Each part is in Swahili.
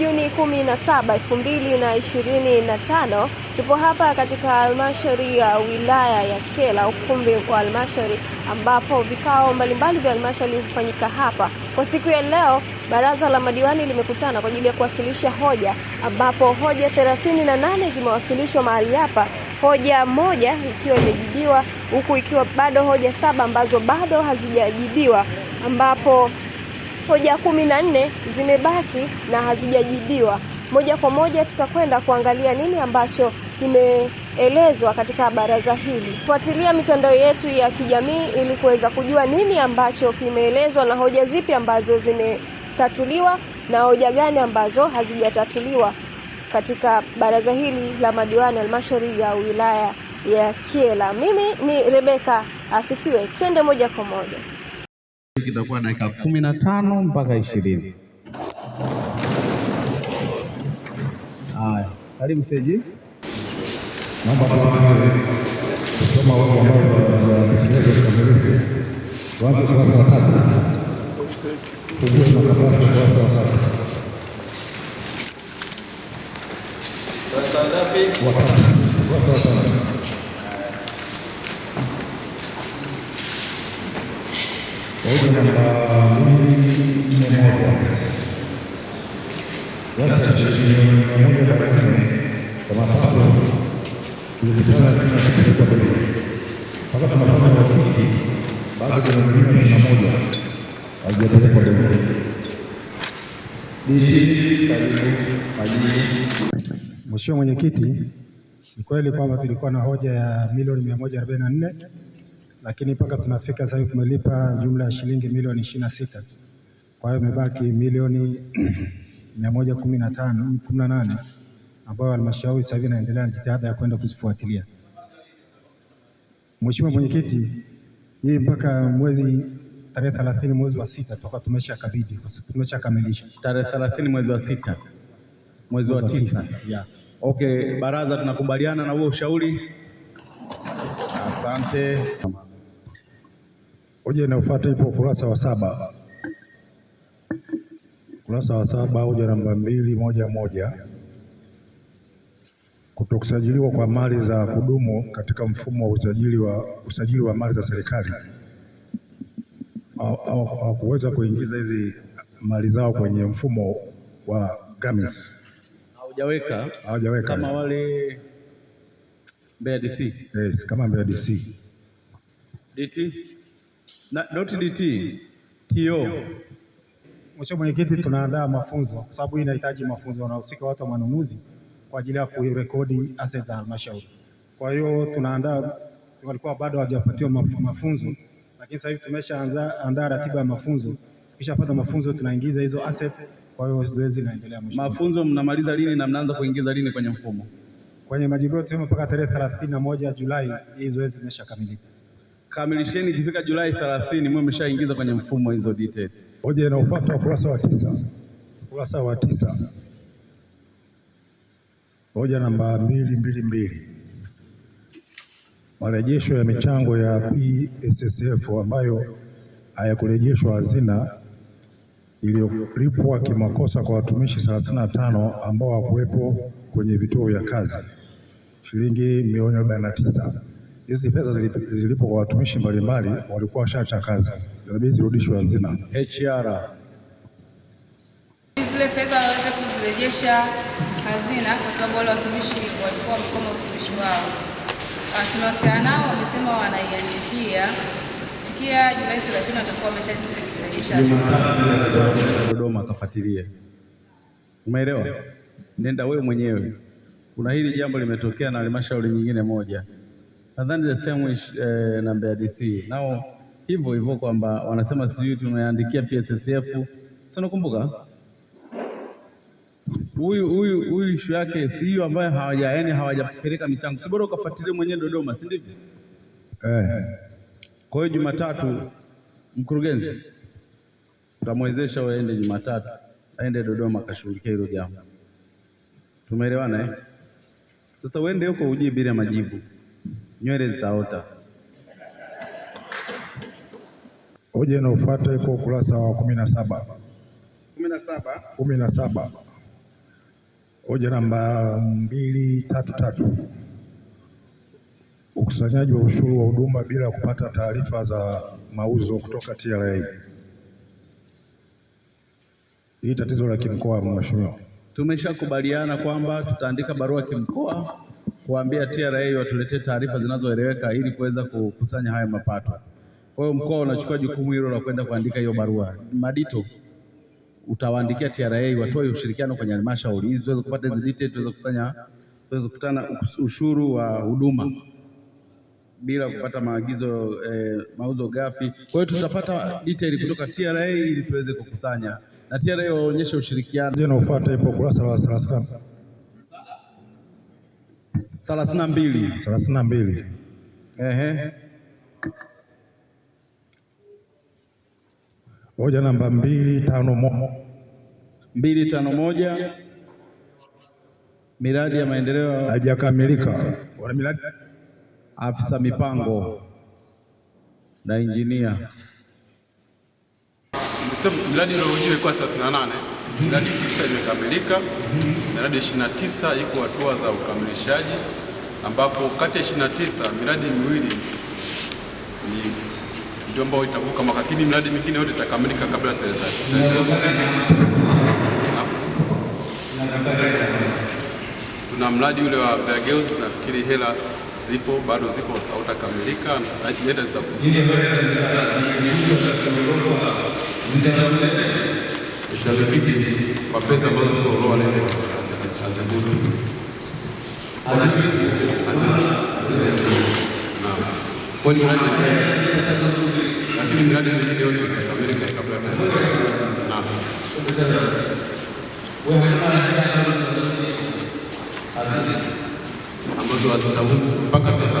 Juni 17, 2025 tupo hapa katika halmashauri ya wilaya ya Kyela, ukumbi wa halmashauri ambapo vikao mbalimbali vya halmashauri hufanyika hapa. Kwa siku ya leo, baraza la madiwani limekutana kwa ajili ya kuwasilisha hoja, ambapo hoja 38 zimewasilishwa mahali hapa, hoja moja ikiwa imejibiwa, huku ikiwa bado hoja saba ambazo bado hazijajibiwa ambapo Hoja kumi na nne zimebaki na hazijajibiwa. Moja kwa moja tutakwenda kuangalia nini ambacho kimeelezwa katika baraza hili. Fuatilia mitandao yetu ya kijamii ili kuweza kujua nini ambacho kimeelezwa na hoja zipi ambazo zimetatuliwa na hoja gani ambazo hazijatatuliwa katika baraza hili la madiwani halmashauri ya wilaya ya Kyela. Mimi ni Rebeka Asifiwe. Twende moja kwa moja kitakuwa dakika kumi na tano mpaka ishirini. Haya, karibu Seji. Naomba tuanze kusoma ambao wanatekeleza kikamilifu. Tuanze kurasa tatu. makabati kurasa tatu. ngapi? Kurasa tatu. Hoja namba mia moja kiasi cha milioni mia moja arobaini na nne kwa mapato tulikusanya mpaka tunafanya utafiti, bado kuna milioni mia moja haijapelekwa Mheshimiwa Mwenyekiti, ni kweli kwamba tulikuwa na hoja ya milioni mia lakini mpaka tunafika sasa hivi tumelipa jumla ya shilingi milioni ishirini na sita. Kwa hiyo imebaki milioni mia moja kumi na tano kumi na nane ambayo halmashauri sasa hivi inaendelea na jitihada ya kwenda kuzifuatilia. Mheshimiwa Mwenyekiti, hii mpaka mwezi tarehe 30 mwezi wa sita toka tumesha sababu tumesha kamilisha tarehe 30 mwezi wa sita mwezi wa tisa. Yeah. Okay, baraza tunakubaliana na huo ushauri. Asante. Hoja inayofuata ipo ukurasa wa saba, ukurasa wa saba, hoja namba mbili moja moja kutokusajiliwa kwa mali za kudumu katika mfumo wa usajili wa, usajili wa mali za serikali hawakuweza kuingiza hizi mali zao kwenye mfumo wa GAMIS hawajaweka hawajaweka kama wale Mbeya DC. Yes, kama Mbeya DC DT na .dt to. Mheshimiwa Mwenyekiti, tunaandaa mafunzo kwa sababu hii inahitaji mafunzo, wanahusika watu wa manunuzi kwa ajili ya kurekodi assets za halmashauri. Kwa hiyo tunaandaa, walikuwa bado hawajapatiwa mafunzo, lakini sasa hivi tumeshaanza andaa ratiba ya mafunzo, kishapata mafunzo tunaingiza hizo assets. Kwa hiyo zoezi linaendelea. Mheshimiwa, mafunzo mnamaliza lini na mnaanza kuingiza lini kwenye mfumo? Kwenye majibu yetu mpaka tarehe 31 Julai hii zoezi limeshakamilika kamilisheni, ikifika Julai 30 mwe mmeshaingiza kwenye mfumo hizo detail. Hoja inayofuata ukurasa wa tisa, ukurasa wa tisa, hoja namba mbili mbili mbili, marejesho ya michango ya PSSF ambayo hayakurejeshwa hazina iliyolipwa kimakosa kwa watumishi 35 ambao hawakuwepo kwenye vituo vya kazi shilingi milioni 49 hizi fedha zilipo kwa watumishi mbalimbali walikuwa washaacha kazi, inabidi zirudishwe hazina. HR zile fedha waweze kuzirejesha hazina, kwa sababu wale watumishi walikuwa wamekoma utumishi wao. Ah, Tunawasiliana nao, wamesema wanaiandikia fikia Julai 30 watakuwa wameshazirejesha hazina. Dodoma kafuatilie, umeelewa? Nenda wewe mwenyewe. Kuna hili jambo limetokea na halmashauri nyingine moja nadhani the same wish eh, na Mbeya DC nao hivyo hivyo kwamba wanasema sijui tumeandikia PSSF. Tunakumbuka huyu huyu huyu ishu yake si hiyo ambayo hawaja yani hawajapeleka michango, si bora ukafuatilia mwenyewe Dodoma, si ndivyo? Eh, kwa hiyo Jumatatu mkurugenzi tutamwezesha waende Jumatatu aende Dodoma akashughulikia hilo jambo. Tumeelewana eh? Sasa uende huko bila majibu nywele zitaota. Hoja inayofuata iko ukurasa wa kumi na saba kumi na saba hoja namba mbili tatu tatu ukusanyaji wa ushuru wa huduma bila kupata taarifa za mauzo kutoka TRA. Hii tatizo la kimkoa, mheshimiwa, tumeshakubaliana kwamba tutaandika barua kimkoa kuambia TRA watuletee taarifa zinazoeleweka ili kuweza kukusanya haya mapato. Kwa hiyo mkoa unachukua jukumu hilo la kwenda kuandika hiyo barua. Madito utawaandikia TRA watoe ushirikiano kwenye halmashauri ili tuweze kupata hizo details, tuweze kukusanya, tuweze kukutana ushuru wa huduma bila kupata maagizo eh, mauzo gafi. Kwa hiyo tutapata detail kutoka TRA ili tuweze kukusanya na TRA waonyeshe ushirikiano. Ndio unaofuata ipo kurasa la 33 thelathini mbili na mbili hoja namba mbili tano moja mbili tano moja miradi ya maendeleo haijakamilika. Wana miradi afisa mipango na injinia mradi uliojiwe kwa 38 Mhm. miradi tisa imekamilika, mhm. miradi tisa iko hatua za ukamilishaji, ambapo kati ya tisa miradi miwili ni ndio ambayo itavuka mwaka, lakini miradi mingine yote itakamilika kabla ya tuna mradi ule wa Viageuzi, nafikiri hela zipo bado zipo, hautakamilika hela zitakuja chanzo hiki kwa pesa ambazo tunatoa leo hazivuti kwani mradi lakini mradi mwingine yote itakamilika kabla ya ambazo mpaka sasa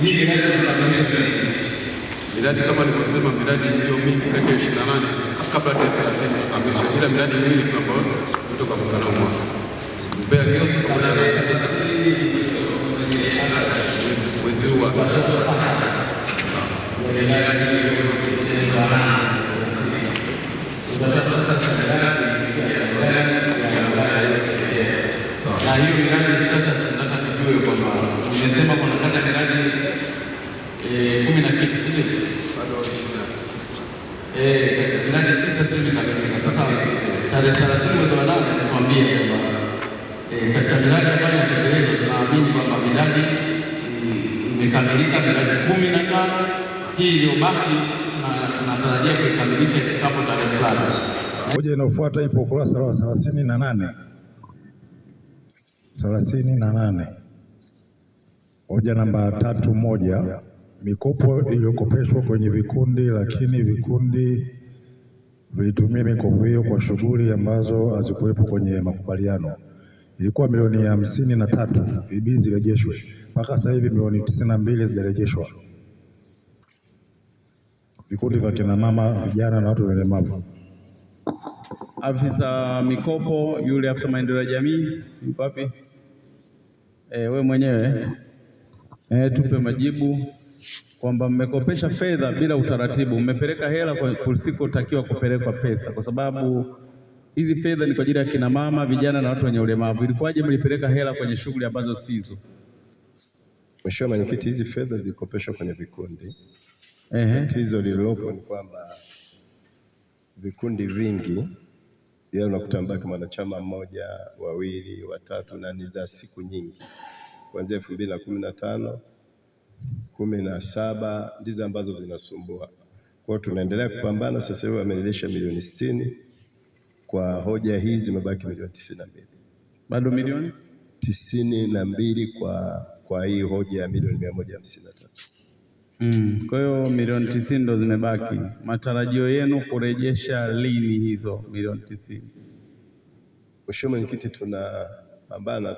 miradi miradi kama nilivyosema, miradi hiyo mingi kati ya 28 kabla ya tarehe 30 ila miradi mingi ambayo kutoka mkutano wa Mbeya mwezi huu na hiyo tujue kwamba tumesema kuna sasa hivi inakamilika. Sasa tarehe thelathini mwezi wa nane tukwambie kwamba eh, katika miradi ambayo inatekelezwa tunaamini kwamba miradi eh, imekamilika miradi kumi na tano. Hii iliyobaki tunatarajia kuikamilisha ifikapo tarehe fulani. Moja inayofuata ipo ukurasa wa thelathini na nane thelathini na nane hoja namba tatu moja mikopo iliyokopeshwa kwenye vikundi lakini vikundi vilitumia mikopo hiyo kwa shughuli ambazo hazikuwepo kwenye makubaliano. Ilikuwa milioni hamsini na tatu ibi zirejeshwe, mpaka sasa hivi milioni tisini na mbili zijarejeshwa. Vikundi vya kina mama, vijana na watu walemavu. Afisa mikopo yule afisa maendeleo ya jamii yupo wapi? E, we mwenyewe e, tupe majibu kwamba mmekopesha fedha bila utaratibu, mmepeleka hela kusikotakiwa kupelekwa pesa, kwa sababu hizi fedha ni kwa ajili ya kina mama, vijana na watu wenye ulemavu. Ilikuwaje mlipeleka hela kwenye shughuli ambazo sizo? Mheshimiwa Mwenyekiti, hizi fedha zilikopeshwa kwenye vikundi. Tatizo lililopo ni kwamba vikundi vingi yeye unakuta mbaki kama mmoja, wawili, watatu na ni za siku nyingi kuanzia elfu mbili na kumi na tano kumi na saba ndizo ambazo zinasumbua. kwao. tunaendelea kupambana, sasa hivi wamerejesha milioni sitini kwa hoja hii, zimebaki milioni tisini na mbili bado milioni tisini na mbili kwa, kwa hii hoja ya milioni mia moja hamsini na tatu. Mm, kwa hiyo milioni tisini ndo zimebaki. Matarajio yenu kurejesha lini hizo milioni tisini? Mheshimiwa Mwenyekiti, tunapambana,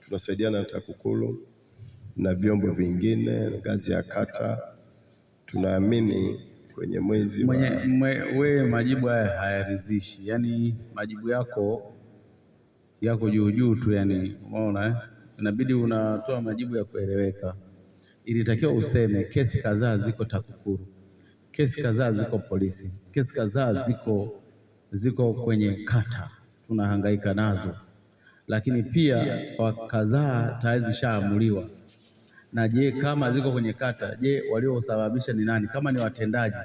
tunasaidiana na TAKUKURU na vyombo vingine ngazi ya kata. Tunaamini kwenye mwezi mwenye, mwe, we majibu haya hayaridhishi, yaani majibu yako yako juu juu tu, yani umeona eh? Inabidi unatoa majibu ya kueleweka. Ilitakiwa useme kesi kadhaa ziko TAKUKURU, kesi kadhaa ziko polisi, kesi kadhaa ziko ziko kwenye kata tunahangaika nazo, lakini pia kwa kadhaa tayari zishaamuliwa na je, kama ziko kwenye kata, je, waliosababisha ni nani? Kama ni watendaji,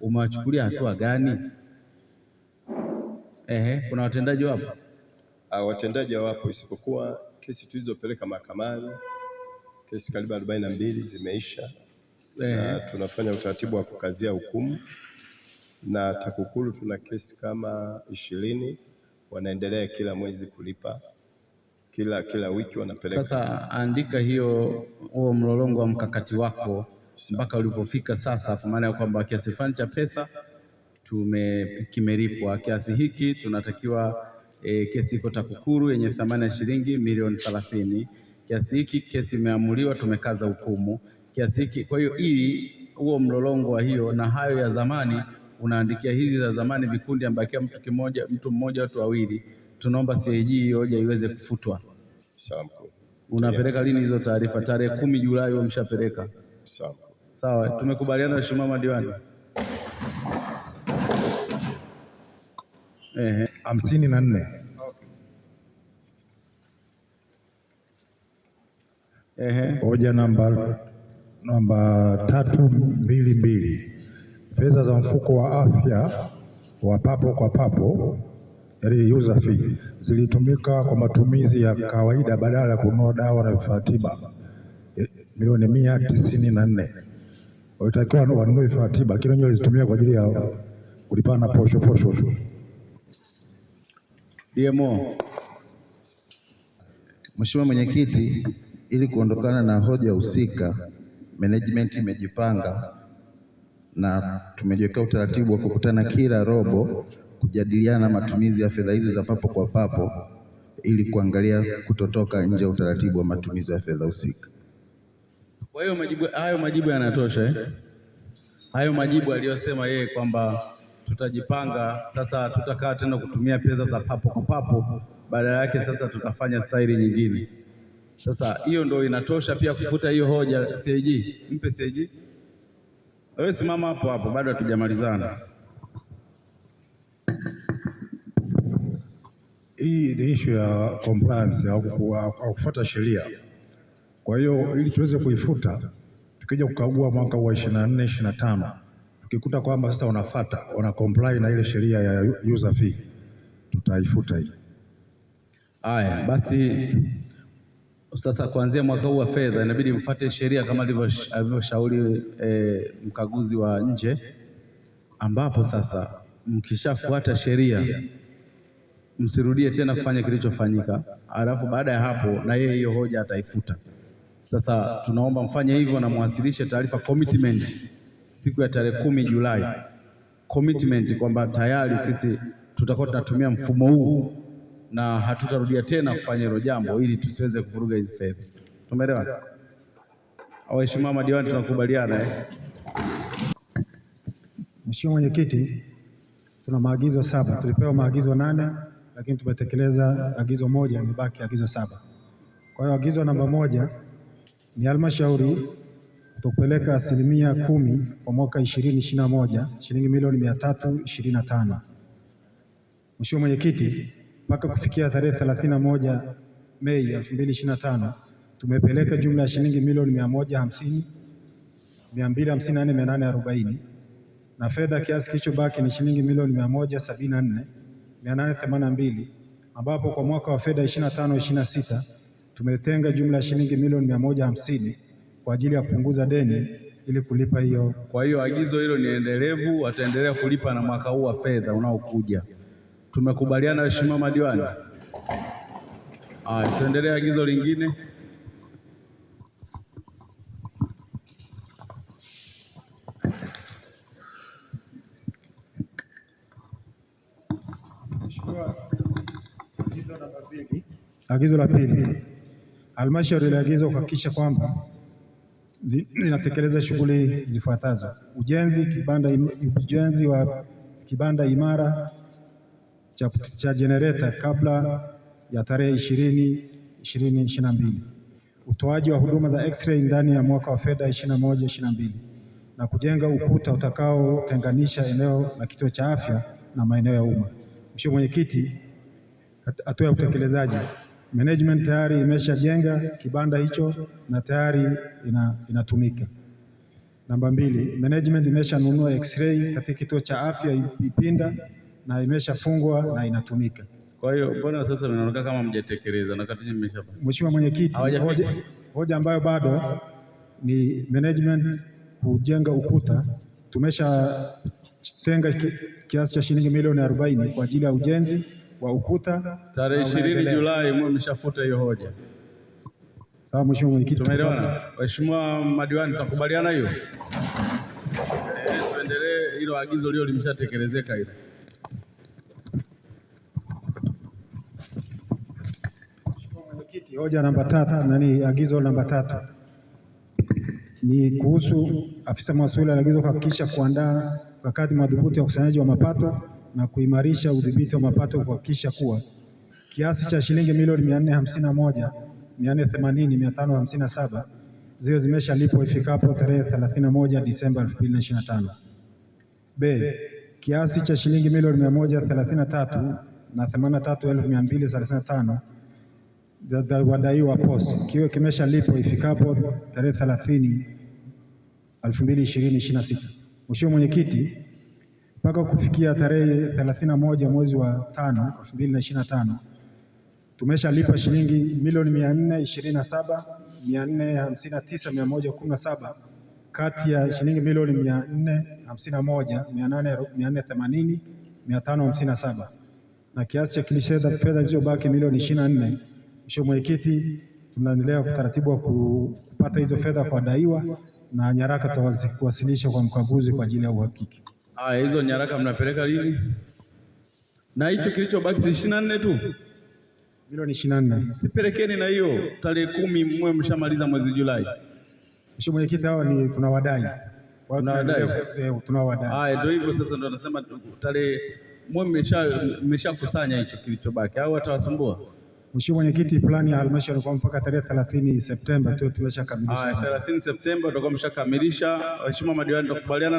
umewachukulia hatua gani? Ehe, kuna watendaji wapo? Ah, watendaji hawapo, isipokuwa kesi tulizopeleka mahakamani, kesi karibu arobaini na mbili zimeisha. Ehe, na tunafanya utaratibu wa kukazia hukumu na TAKUKURU tuna kesi kama ishirini, wanaendelea kila mwezi kulipa kila, kila wiki wanapeleka. Sasa andika hiyo huo mlolongo wa mkakati wako mpaka ulipofika sasa, kwa maana ya kwamba kiasi fulani cha pesa tume kimelipwa, kiasi hiki tunatakiwa e, kesi iko TAKUKURU yenye thamani ya shilingi milioni thelathini, kiasi hiki kesi imeamuliwa, tumekaza hukumu kiasi hiki. Kwa hiyo hii huo mlolongo wa hiyo na hayo ya zamani unaandikia hizi za zamani, vikundi ambakia mtu kimoja, mtu mmoja, watu wawili, tunaomba CAG hiyo hoja iweze kufutwa. Sample. Unapeleka lini hizo taarifa? Tarehe kumi Julai wewe mshapeleka. Sample. Sawa, tumekubaliana Mheshimiwa madiwani. Ehe, hamsini na nne. Ehe. Hoja namba namba tatu mbili mbili, fedha za mfuko wa afya wa papo kwa papo Yaani user fee zilitumika kwa matumizi ya kawaida badala ya kununua dawa na vifaa tiba e, milioni mia tisini na nne walitakiwa wanunue vifaa tiba, lakini wenyewe walizitumia kwa ajili ya kulipana posho posho. DMO. Mheshimiwa Mwenyekiti, ili kuondokana na hoja husika, management imejipanga na tumejiwekea utaratibu wa kukutana kila robo kujadiliana matumizi ya fedha hizi za papo kwa papo ili kuangalia kutotoka nje ya utaratibu wa matumizi ya fedha husika. Kwa hiyo majibu hayo majibu yanatosha eh? Hayo majibu aliyosema yeye kwamba tutajipanga sasa, tutakaa tena kutumia pesa za papo kwa papo, badala yake sasa tutafanya staili nyingine. Sasa hiyo ndio inatosha pia kufuta hiyo hoja. CAG, mpe CAG. Wewe simama hapo hapo, bado hatujamalizana. hii ni issue ya compliance au kufuata sheria. Kwa hiyo ili tuweze kuifuta, tukija kukagua mwaka wa 24 25, tukikuta kwamba sasa wanafuata wana comply na ile sheria ya user fee, tutaifuta hii. Haya basi, sasa kuanzia mwaka huu wa fedha inabidi mfuate sheria kama alivyoshauri e, mkaguzi wa nje, ambapo sasa mkishafuata sheria msirudie tena kufanya kilichofanyika. Alafu baada ya hapo na yeye hiyo hoja ataifuta. Sasa tunaomba mfanye hivyo na mwasilishe taarifa commitment siku ya tarehe kumi Julai, commitment kwamba tayari sisi tutakuwa tunatumia mfumo huu na hatutarudia tena kufanya hilo jambo ili tusiweze kuvuruga hizi fedha. Tumeelewa? Waheshimiwa madiwani, tunakubaliana eh? Mheshimiwa Mwenyekiti, tuna maagizo saba, tulipewa maagizo nane lakini tumetekeleza agizo moja, imebaki agizo saba. Kwa hiyo agizo namba moja ni halmashauri kutopeleka asilimia kumi kwa mwaka 2021 shilingi milioni 325. Mheshimiwa Mwenyekiti, mpaka kufikia tarehe 31 Mei 2025 tumepeleka jumla ya shilingi milioni 150 254,840 na fedha kiasi kilichobaki ni shilingi milioni 174 882 ambapo kwa mwaka wa fedha 25 26 tumetenga jumla ya shilingi milioni 150 kwa ajili ya kupunguza deni ili kulipa hiyo. Kwa hiyo agizo hilo ni endelevu, wataendelea kulipa na mwaka huu wa fedha unaokuja. Tumekubaliana, Mheshimiwa Madiwani? Haya, tuendelee agizo lingine. Agizo la pili, halmashauri iliagizwa kuhakikisha kwamba zinatekeleza shughuli zifuatazo: ujenzi kibanda im, ujenzi wa kibanda imara cha, cha jenereta kabla ya tarehe ishirini ishirini na mbili, utoaji wa huduma za x-ray ndani ya mwaka wa fedha 21 22 na kujenga ukuta utakaotenganisha eneo la kituo cha afya na maeneo ya umma. Mheshimiwa Mwenyekiti, hatua ya utekelezaji management tayari imeshajenga kibanda hicho na tayari ina, inatumika. Namba mbili, management imeshanunua x-ray katika kituo cha afya Ipinda na imeshafungwa na inatumika. Kwa hiyo mbona sasa mnaonekana kama mjatekeleza na kati mmesha. Mheshimiwa Mwenyekiti, hoja, hoja ambayo bado ni management kujenga ukuta, tumeshatenga kiasi cha shilingi milioni 40 kwa ajili ya ujenzi wa ukuta tarehe 20 Julai, mmeshafuta hiyo hoja. Sawa, mheshimiwa mwenyekiti, tumeelewana. Waheshimiwa madiwani, tunakubaliana hiyo. Eh, tuendelee, hilo agizo lio limeshatekelezeka hilo. Mheshimiwa mwenyekiti, hoja namba tatu, nani agizo namba tatu ni kuhusu afisa masuala aliagizwa kuhakikisha kuandaa wakati madhubuti ya ukusanyaji wa mapato na kuimarisha udhibiti wa mapato kuhakikisha kuwa kiasi cha shilingi milioni mia nne moja mia themanini mia tano hamsini na saba ziwe zimeshalipwa ifikapo tarehe 31 Disemba 2025. B. Kiasi cha shilingi milioni 133 na 83235 za wadaiwa posi kiwe kimeshalipwa ifikapo tarehe 30 2026. Mheshimiwa Mwenyekiti, mpaka kufikia tarehe 31 mwezi wa 5 2025 tumeshalipa shilingi milioni 427 459,117 kati ya shilingi milioni 451 880 557 na kiasi cha kilisheda fedha zilizobaki milioni 24. Mheshimiwa Mwenyekiti, tunaendelea utaratibu wa kupata hizo fedha kwa daiwa na nyaraka tutawasilisha kwa mkaguzi kwa ajili ya uhakiki. Ah, hizo nyaraka mnapeleka lini? Na hicho kilichobaki si 24 tu, milioni ishirini na sipelekeni na hiyo tarehe kumi, mwe mshamaliza mwezi Julai. Mheshimiwa Mwenyekiti, hao ni tunawadai eh, Haya, ndio hivyo sasa, ndio nasema tarehe mwe mmeshakusanya hicho kilichobaki, au watawasumbua? Mheshimiwa Mwenyekiti, plani ya halmashauri kwa mpaka tarehe 30 Septemba tu tumeshakamilisha. Haya, 30 Septemba tutakuwa tumeshakamilisha. Waheshimiwa madiwani, tukubaliana